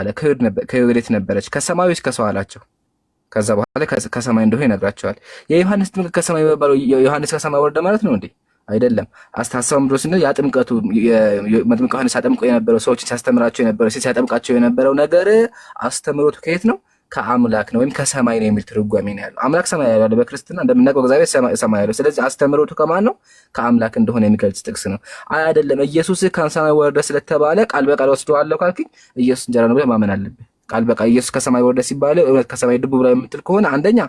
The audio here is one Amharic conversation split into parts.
አለ። ከወዴት ነበረች? ከሰማይ ወይስ ከሰው አላቸው። ከዛ በኋላ ከሰማይ እንደሆነ ይነግራቸዋል። የዮሐንስ ጥምቀት ከሰማይ የሚባለው ዮሐንስ ከሰማይ ወረደ ማለት ነው እንዴ? አይደለም። አስተሳሰብ ምድሮ ስንል ያ ጥምቀቱ መጥምቀ ዮሐንስ ሲያጠምቀው የነበረው ሰዎችን ሲያስተምራቸው የነበረው ሲያጠምቃቸው የነበረው ነገር አስተምሮቱ ከየት ነው? ከአምላክ ነው ወይም ከሰማይ ነው የሚል ትርጓሜ ነው ያለው። አምላክ ሰማይ ያለው በክርስትና እንደምናውቀው እግዚአብሔር ሰማይ ያለው። ስለዚህ አስተምሮቱ ከማን ነው? ከአምላክ እንደሆነ የሚገልጽ ጥቅስ ነው። አይ አይደለም፣ ኢየሱስ ከሰማይ ወረደ ስለተባለ ቃል በቃል ወስደዋለሁ ካልክኝ ኢየሱስ እንጀራ ነው ብለህ ማመን አለብህ። ቃል በቃል ኢየሱስ ከሰማይ ወረደ ሲባለ እውነት ከሰማይ ድቡ ብላ የምትል ከሆነ አንደኛ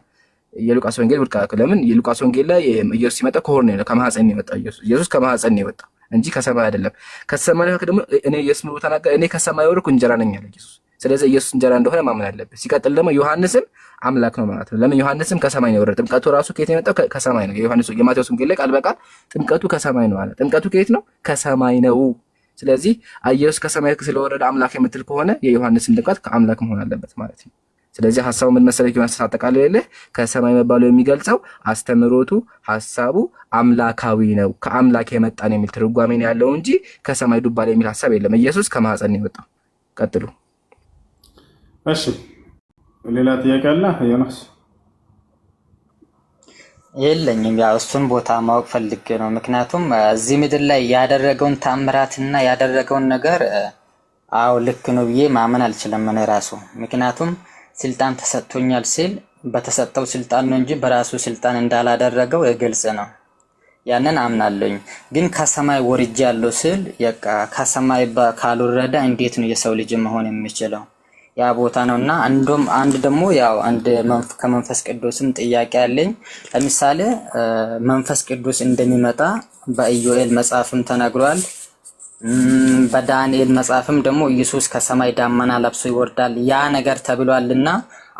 የሉቃስ ወንጌል ብርቅ ለምን? የሉቃስ ወንጌል ላይ ኢየሱስ ሲመጣ ከሆር ነው ከማህፀን ነው ኢየሱስ ኢየሱስ ከማህፀን ነው እንጂ ከሰማይ አይደለም። ከሰማይ ደግሞ እኔ ኢየሱስ ምሩ ተናገረ እኔ ከሰማይ ወርኩ እንጀራ ነኝ አለ ኢየሱስ ስለዚህ ኢየሱስ እንጀራ እንደሆነ ማመን አለብህ። ሲቀጥል ደግሞ ዮሐንስም አምላክ ነው ማለት ነው። ለምን ዮሐንስም ከሰማይ ነው የወረደ። ጥምቀቱ ራሱ ከየት የመጣው? ከሰማይ ነው። ዮሐንስ የማቴዎስ ወንጌል ላይ ቃል በቃል ጥምቀቱ ከሰማይ ነው አለ። ጥምቀቱ ከየት ነው? ከሰማይ ነው። ስለዚህ ኢየሱስ ከሰማይ ስለወረደ አምላክ የምትል ከሆነ የዮሐንስም ጥምቀት ከአምላክ መሆን አለበት ማለት ነው። ስለዚህ ሀሳቡ ምን መሰለህ? ዮሐንስ አጠቃላይ ከሰማይ መባሉ የሚገልጸው አስተምሮቱ፣ ሀሳቡ አምላካዊ ነው፣ ከአምላክ የመጣ ነው የሚል ትርጓሜ ነው ያለው እንጂ ከሰማይ ዱባላ የሚል ሀሳብ የለም። ኢየሱስ ከማህፀን ነው የወጣው። ቀጥሉ እሺ ሌላ ጥያቄ አለ ዮናስ? የለኝም። ያው እሱን ቦታ ማወቅ ፈልጌ ነው። ምክንያቱም እዚህ ምድር ላይ ያደረገውን ታምራትና ያደረገውን ነገር አው ልክ ነው ብዬ ማመን አልችልም እኔ ራሱ። ምክንያቱም ስልጣን ተሰጥቶኛል ሲል በተሰጠው ስልጣን ነው እንጂ በራሱ ስልጣን እንዳላደረገው ግልጽ ነው። ያንን አምናለኝ። ግን ከሰማይ ወርጃለሁ ያለው ስል ከሰማይ ካልወረደ እንዴት ነው የሰው ልጅ መሆን የሚችለው? ያ ቦታ ነው እና አንዱም አንድ ደግሞ ያው አንድ ከመንፈስ ቅዱስም ጥያቄ አለኝ። ለምሳሌ መንፈስ ቅዱስ እንደሚመጣ በኢዮኤል መጽሐፍም ተነግሯል። በዳንኤል መጽሐፍም ደግሞ ኢየሱስ ከሰማይ ዳመና ለብሶ ይወርዳል ያ ነገር ተብሏልና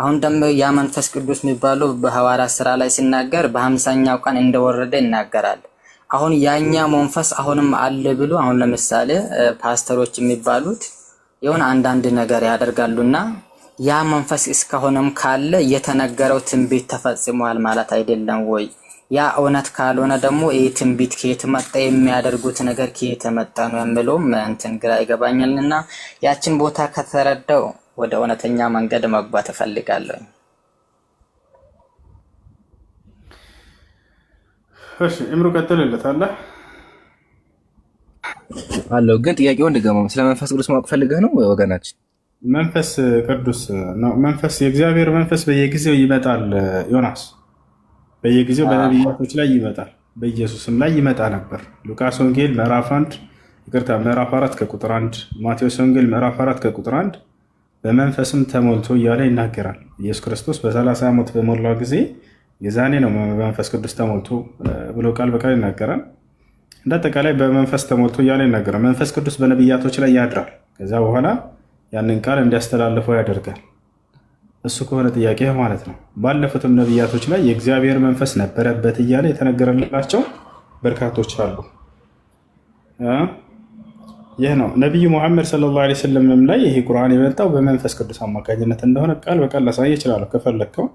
አሁን ደግሞ ያ መንፈስ ቅዱስ የሚባለው በሐዋርያ ስራ ላይ ሲናገር በሀምሳኛው ቀን እንደወረደ ይናገራል። አሁን ያኛ መንፈስ አሁንም አለ ብሎ አሁን ለምሳሌ ፓስተሮች የሚባሉት የሆነ አንዳንድ ነገር ያደርጋሉና ያ መንፈስ እስከሆነም ካለ የተነገረው ትንቢት ተፈጽሟል ማለት አይደለም ወይ? ያ እውነት ካልሆነ ደግሞ ይህ ትንቢት ከየት መጣ፣ የሚያደርጉት ነገር ከየት መጣ ነው የምለውም እንትን ግራ ይገባኛል። እና ያችን ቦታ ከተረዳው ወደ እውነተኛ መንገድ መግባት እፈልጋለሁ። እሺ እምሩ ቀጥልለታለህ አለው። ግን ጥያቄውን ድገማ። ስለ መንፈስ ቅዱስ ማወቅ ፈልገህ ነው ወገናችን? መንፈስ ቅዱስ ነው። መንፈስ የእግዚአብሔር መንፈስ በየጊዜው ይመጣል ዮናስ፣ በየጊዜው በነቢያቶች ላይ ይመጣል፣ በኢየሱስም ላይ ይመጣ ነበር። ሉቃስ ወንጌል ምዕራፍ አንድ ይቅርታ፣ ምዕራፍ አራት ከቁጥር አንድ ማቴዎስ ወንጌል ምዕራፍ አራት ከቁጥር አንድ በመንፈስም ተሞልቶ እያለ ይናገራል። ኢየሱስ ክርስቶስ በሰላሳ ዓመት በሞላ ጊዜ የዛኔ ነው መንፈስ ቅዱስ ተሞልቶ ብሎ ቃል በቃል ይናገራል። እንደ በመንፈስ ተሞልቶ እያለ ይናገራል። መንፈስ ቅዱስ በነቢያቶች ላይ ያድራል። ከዛ በኋላ ያንን ቃል እንዲያስተላልፈው ያደርጋል። እሱ ከሆነ ጥያቄ ማለት ነው። ባለፉትም ነቢያቶች ላይ የእግዚአብሔር መንፈስ ነበረበት እያለ የተነገረላቸው በርካቶች አሉ። ይህ ነው ነቢዩ ሙሐመድ ሰለላሁ ዓለይሂ ወሰለም ላይ ይህ ቁርአን የመጣው በመንፈስ ቅዱስ አማካኝነት እንደሆነ ቃል በቃል ላሳየህ ይችላሉ ከፈለግከው።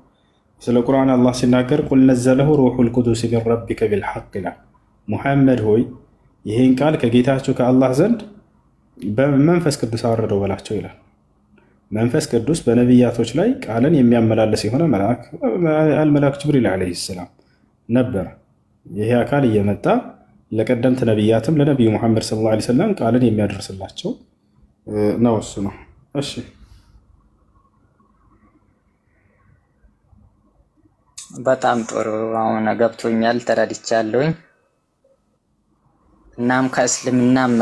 ስለ ቁርአን አላህ ሲናገር ቁል ነዘለሁ ሩሑል ቁዱስ ሚን ረቢከ ቢልሐቅ ይላል። ሙሐመድ ሆይ ይህን ቃል ከጌታቸው ከአላህ ዘንድ በመንፈስ ቅዱስ አወረደው በላቸው ይላል። መንፈስ ቅዱስ በነቢያቶች ላይ ቃልን የሚያመላለስ የሆነ አልመላክ አልመልአክ ጅብሪል ዓለይሂ ሰላም ነበር። ይህ አካል እየመጣ ለቀደምት ነቢያትም ለነቢዩ ሙሐመድ ሰለላሁ ዓለይሂ ወሰለም ቃልን የሚያደርስላቸው ነው። እሱ ነው። እሺ በጣም ጥሩ። አሁን ገብቶኛል፣ ተረድቻለሁኝ። እናም ከእስልምናም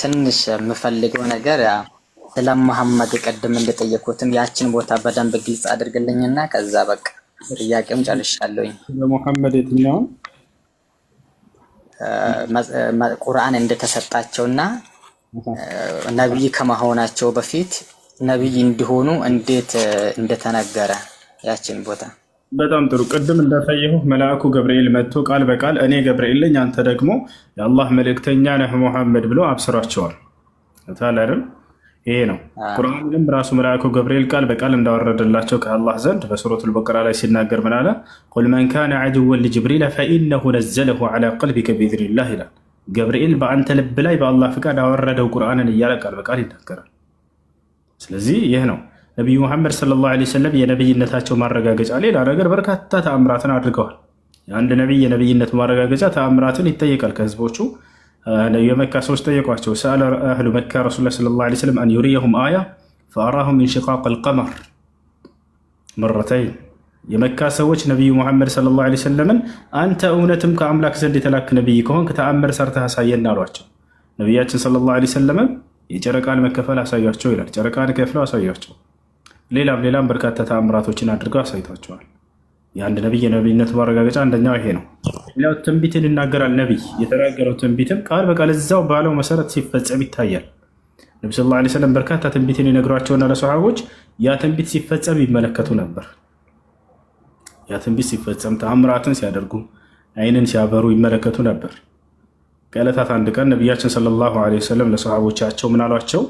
ትንሽ የምፈልገው ነገር ስለ መሐመድ ቅድም እንደጠየኩትም ያችን ቦታ በደንብ ግልጽ አድርግልኝና ከዛ በቃ ጥያቄም ጨርሻለሁኝ። ለሙሐመድ የትኛውን ቁርአን እንደተሰጣቸውና ነቢይ ከመሆናቸው በፊት ነቢይ እንዲሆኑ እንዴት እንደተነገረ ያችን ቦታ በጣም ጥሩ። ቅድም እንዳሳየሁህ መልአኩ ገብርኤል መጥቶ ቃል በቃል እኔ ገብርኤል ነኝ አንተ ደግሞ የአላህ መልእክተኛ ነህ ሙሐመድ ብሎ አብስሯቸዋል። ታላርም ይሄ ነው። ቁርአንንም ራሱ መልአኩ ገብርኤል ቃል በቃል እንዳወረደላቸው ከአላህ ዘንድ በሱረቱል በቀራ ላይ ሲናገር ምን አለ? ቁል መን ካነ ዐድወን ሊጅብሪል ፈኢነሁ ነዘለሁ ዐላ ቀልቢከ ቢኢዝኒላህ ይላል። ገብርኤል በአንተ ልብ ላይ በአላህ ፍቃድ አወረደው ቁርአንን እያለ ቃል በቃል ይናገራል። ስለዚህ ይህ ነው ነቢዩ መሐመድ ሰለላሁ ዓለይሂ ወሰለም የነብይነታቸው ማረጋገጫ ሌላ ነገር በርካታ ተአምራትን አድርገዋል። አንድ ነቢይ የነብይነት ማረጋገጫ ተአምራትን ይጠየቃል ከህዝቦቹ። የመካ ሰዎች ጠየቋቸው። ሰአለ አህሉ መካ ረሱላ ሰለላሁ ዓለይሂ ወሰለም አን ዩሪየሁም አያ ፈአራሁም ኢንሽቃቅ አልቀመር መረተይን። የመካ ሰዎች ነቢዩ መሐመድ ሰለላሁ ዓለይሂ ወሰለምን አንተ እውነትም ከአምላክ ዘንድ የተላክ ነቢይ ከሆንክ ተአምር ሰርተህ አሳየን አሏቸው። ነቢያችን ሰለላሁ ዓለይሂ ወሰለምም የጨረቃን መከፈል አሳያቸው ይላል። ጨረቃን ከፍለው አሳያቸው ሌላም ሌላም በርካታ ተአምራቶችን አድርገው አሳይቷቸዋል። የአንድ ነቢይ የነቢይነቱ ማረጋገጫ አንደኛው ይሄ ነው። ሌላው ትንቢትን ይናገራል። ነቢይ የተናገረው ትንቢትም ቃል በቃል እዛው ባለው መሰረት ሲፈጸም ይታያል። ነቢ ስ ላ ሰለም በርካታ ትንቢትን ይነግሯቸውና ለሰሃቦች ያ ትንቢት ሲፈጸም ይመለከቱ ነበር። ያ ትንቢት ሲፈጸም ተአምራትን ሲያደርጉ አይንን ሲያበሩ ይመለከቱ ነበር። ከዕለታት አንድ ቀን ነቢያችን ሰለላሁ ዐለይሂ ወሰለም ለሰሃቦቻቸው ምን አሏቸው?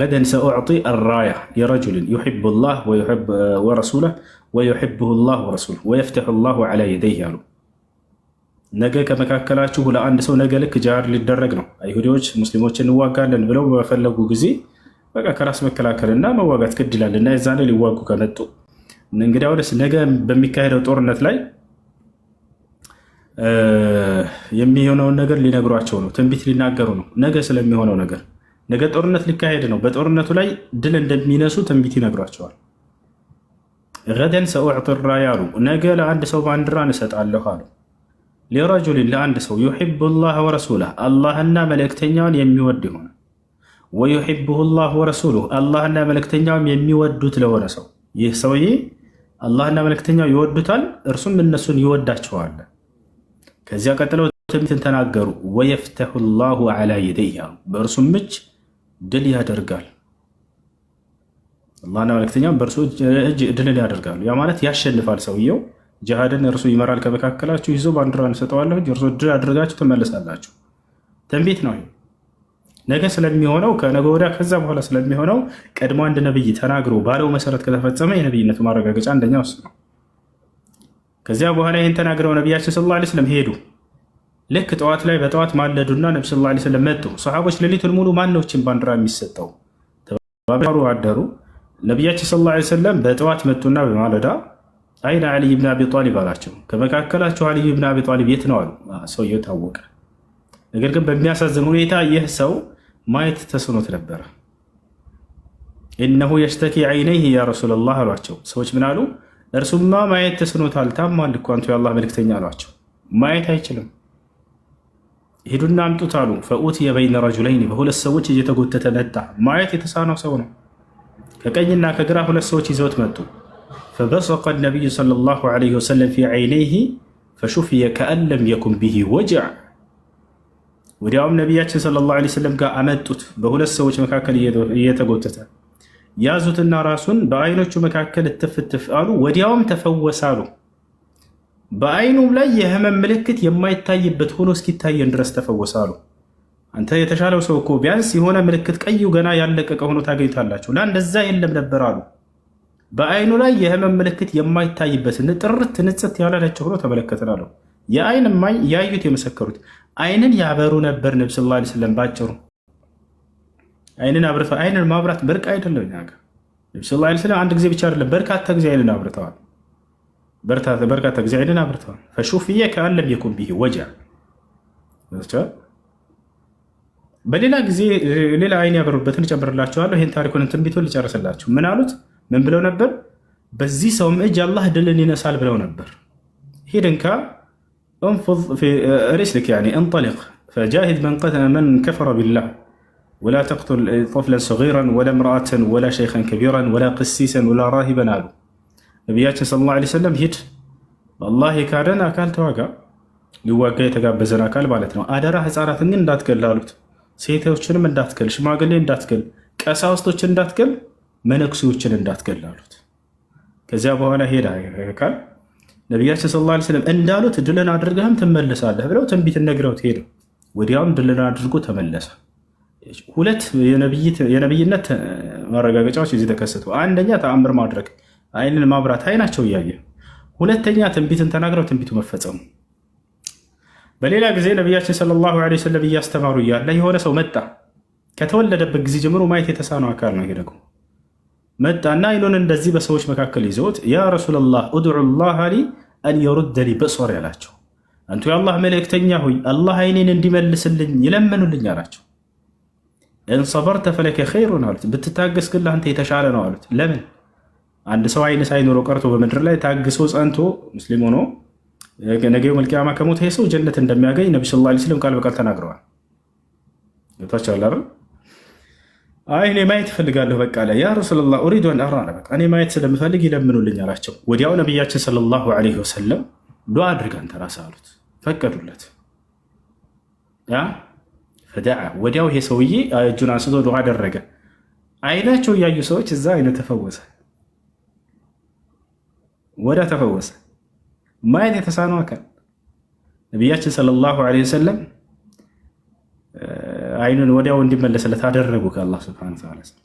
ገደን ሰኡዕጢ አራያ የረጅልን ዩሕቡ ላህ ወረሱለህ ወዩሕብሁ ላህ ወረሱለህ ወየፍተሑ ላሁ ዐላ የደይህ አሉ። ነገ ከመካከላችሁ ለአንድ ሰው ነገ ልክ ጃር ሊደረግ ነው፣ አይሁዲዎች ሙስሊሞች እንዋጋለን ብለው በፈለጉ ጊዜ በቃ ከራስ መከላከልና መዋጋት ግድ እና የዛኔ ሊዋጉ ከመጡ እንግዲህ አሁንስ ነገ በሚካሄደው ጦርነት ላይ የሚሆነውን ነገር ሊነግሯቸው ነው፣ ትንቢት ሊናገሩ ነው ነገ ስለሚሆነው ነገር ነገ ጦርነት ሊካሄድ ነው። በጦርነቱ ላይ ድል እንደሚነሱ ትንቢት ይነግሯቸዋል። ገደን ሰኡዕጢ ራያሉ ነገ ለአንድ ሰው ባንዲራን እሰጣለሁ አሉ። ሊረጁሊን ለአንድ ሰው ዩሕቡ ላህ ወረሱላህ አላህና መልእክተኛውን የሚወድ ይሆነ ወዩሕቡሁ ላህ ወረሱሉህ አላህና መልእክተኛውም የሚወዱት ለሆነ ሰው ይህ ሰውዬ አላህና መልእክተኛው ይወዱታል፣ እርሱም እነሱን ይወዳቸዋል። ከዚያ ቀጥለው ትንቢትን ተናገሩ። ወየፍተሁ ላሁ ዐላ የደይህ በእርሱም ምች ድል ያደርጋል። አላህና መልእክተኛም በእርሱ እጅ ድልን ያደርጋሉ። ያ ማለት ያሸንፋል። ሰውየው ጅሃድን እርሱ ይመራል። ከመካከላችሁ ይዞ ባንዲራን እሰጠዋለሁ፣ እርሶ ድል አድርጋችሁ ትመለሳላችሁ። ትንቢት ነው። ነገ ስለሚሆነው ከነገ ወዲያ ከዛ በኋላ ስለሚሆነው ቀድሞ አንድ ነብይ ተናግሮ ባለው መሰረት ከተፈጸመ የነብይነቱ ማረጋገጫ አንደኛው እሱ ነው። ከዚያ በኋላ ይህን ተናግረው ነቢያችን ሰለላሁ ዓለይሂ ወሰለም ሄዱ። ልክ ጠዋት ላይ በጠዋት ማለዱና ነብ ስ ላ ስለም መጡ። ሰሓቦች ሌሊቱን ሙሉ ማነዎችን ባንዲራ የሚሰጠው ተባባሩ አደሩ። ነቢያችን ስ ላ ስለም በጠዋት መጡና በማለዳ አይን አልይ ብን አቢ ጣሊብ አላቸው። ከመካከላቸው አልይ ብን አቢ ጣሊብ የት ነው አሉ። ሰውየው ታወቀ። ነገር ግን በሚያሳዝን ሁኔታ ይህ ሰው ማየት ተስኖት ነበረ። እነሁ የሽተኪ አይነይህ ያ ረሱላላህ አሏቸው። ሰዎች ምን አሉ? እርሱማ ማየት ተስኖታል፣ ታሟል እኮ የአላህ መልክተኛ አሏቸው። ማየት አይችልም ሂዱና አምጡት አሉ። ፈኡትየ በይነ ረጁለይኒ በሁለት ሰዎች እየተጎተተ መጣ። ማየት የተሳነው ሰው ነው። ከቀኝና ከግራ ሁለት ሰዎች ይዘውት መጡ። ፈበሰቀ ነቢዩ ሰለላሁ ዐለይሂ ወሰለም ፊ ዐይነይሂ ፈሹፍየ ከአን ለም የኩን ብሂ ወጅዕ። ወዲያውም ነቢያችን ሰለላሁ ዐለይሂ ወሰለም ጋር አመጡት። በሁለት ሰዎች መካከል እየተጎተተ ያዙትና ራሱን በአይኖቹ መካከል እትፍ አሉ። ወዲያውም ተፈወሳሉ። በአይኑም ላይ የህመም ምልክት የማይታይበት ሆኖ እስኪታየን ድረስ ተፈወሰ አሉ። አንተ የተሻለው ሰው እኮ ቢያንስ የሆነ ምልክት ቀዩ ገና ያለቀቀ ሆኖ ታገኝታላችሁ። ላ እንደዛ የለም ነበር አሉ። በአይኑ ላይ የህመም ምልክት የማይታይበት ጥርት ንጽት ያላላቸው ሆኖ ተመለከትን አለው። የአይን ማኝ ያዩት የመሰከሩት አይንን ያበሩ ነበር። ነብ ስ ላ ስለም ባጭሩ አይንን አይንን ማብራት በርቅ አይደለም። ነብ ስ ላ ስለም አንድ ጊዜ ብቻ አይደለም፣ በርካታ ጊዜ አይንን አብርተዋል። በርታተ በርካታ ጊዜ አይደን አብርተዋል። ፈሹፍየ ከአን ለም የኩን ብሂ ወጀዕ በሌላ ጊዜ ሌላ አይን ያበሩበትን እጨምርላችኋለሁ። ይህን ታሪኩን ትንቢቱን ልጨርስላችሁ። ምን አሉት? ምን ብለው ነበር? በዚህ ሰውም እጅ አላህ ድልን ይነሳል ብለው ነበር። ሂድንካ እንፉዝ ሪስልክ እንጠሊቅ ፈጃሂድ መን ከፈረ ቢላህ ወላ ተቅቱል ጠፍለን ሰጊራን ወላ ምርአተን ወላ ሸይኸን ከቢራን ወላ ቅሲሰን ወላ ራሂበን አሉ ነቢያችን ሰለላሁ ዓለይሂ ወሰለም ሂድ አላህ የካደን አካል ተዋጋ፣ ሊዋጋ የተጋበዘን አካል ማለት ነው። አደራ ህፃናትን ግን እንዳትገል አሉት። ሴቶችንም እንዳትገል፣ ሽማግሌ እንዳትገል፣ ቀሳውስቶችን እንዳትገል፣ መነኩሴዎችን እንዳትገል አሉት። ከዚያ በኋላ ሄደ አካል ነቢያችን ሰለላሁ ዓለይሂ ወሰለም እንዳሉት ድልን አድርገህም ትመለሳለህ ብለው ትንቢት ነግረውት ሄደ። ወዲያውም ድልን አድርጎ ተመለሰ። ሁለት የነብይነት ማረጋገጫዎች እዚህ ተከሰቱ። አንደኛ ተአምር ማድረግ አይንን ማብራት አይናቸው እያየ ሁለተኛ ትንቢትን ተናግረው ትንቢቱ መፈጸሙ። በሌላ ጊዜ ነቢያችን ሰለላሁ ዐለይሂ ወሰለም እያስተማሩ እያለ የሆነ ሰው መጣ። ከተወለደበት ጊዜ ጀምሮ ማየት የተሳነው አካል ነው። ይሄ መጣና አይኑን እንደዚህ በሰዎች መካከል ይዘውት ያ ረሱላላህ ኡድዑላህ ሊ አን የሩደኒ በሶር ያላቸው፣ አንቱ የአላህ መልእክተኛ ሆይ አላህ አይኔን እንዲመልስልኝ ይለመኑልኝ አላቸው። እንሰበርተ ፈለከ ኸይሩን አሉት፣ ብትታገስ ግን ለአንተ የተሻለ ነው አሉት። ለምን አንድ ሰው አይን ሳይኖረው ቀርቶ በምድር ላይ ታግሶ ጸንቶ ሙስሊም ሆኖ ነገው መልቅያማ ከሞት ይሄ ሰው ጀነት እንደሚያገኝ ነቢ ስ ላ ስለም ቃል በቃል ተናግረዋል። ታች አይ እኔ ማየት እፈልጋለሁ በቃ ላይ ያ ረሱላላ ኡሪድ ወን አራ በቃ እኔ ማየት ስለምፈልግ ይለምኑልኝ አላቸው። ወዲያው ነቢያችን ሰለላሁ ዐለይሂ ወሰለም ዱዓ አድርግ አንተ ራስህ አሉት። ፈቀዱለት። ፈደዓ ወዲያው ይሄ ሰውዬ እጁን አንስቶ ዱዓ አደረገ። አይናቸው እያዩ ሰዎች እዛ አይነት ተፈወሰ። ወዳ ተፈወሰ። ማየት የተሳነው አካል ነቢያችን ሰለላሁ ዐለይሂ ወሰለም አይኑን ወዲያው እንዲመለስለት አደረጉ ከአላህ ስብሐነሁ ወተዓላ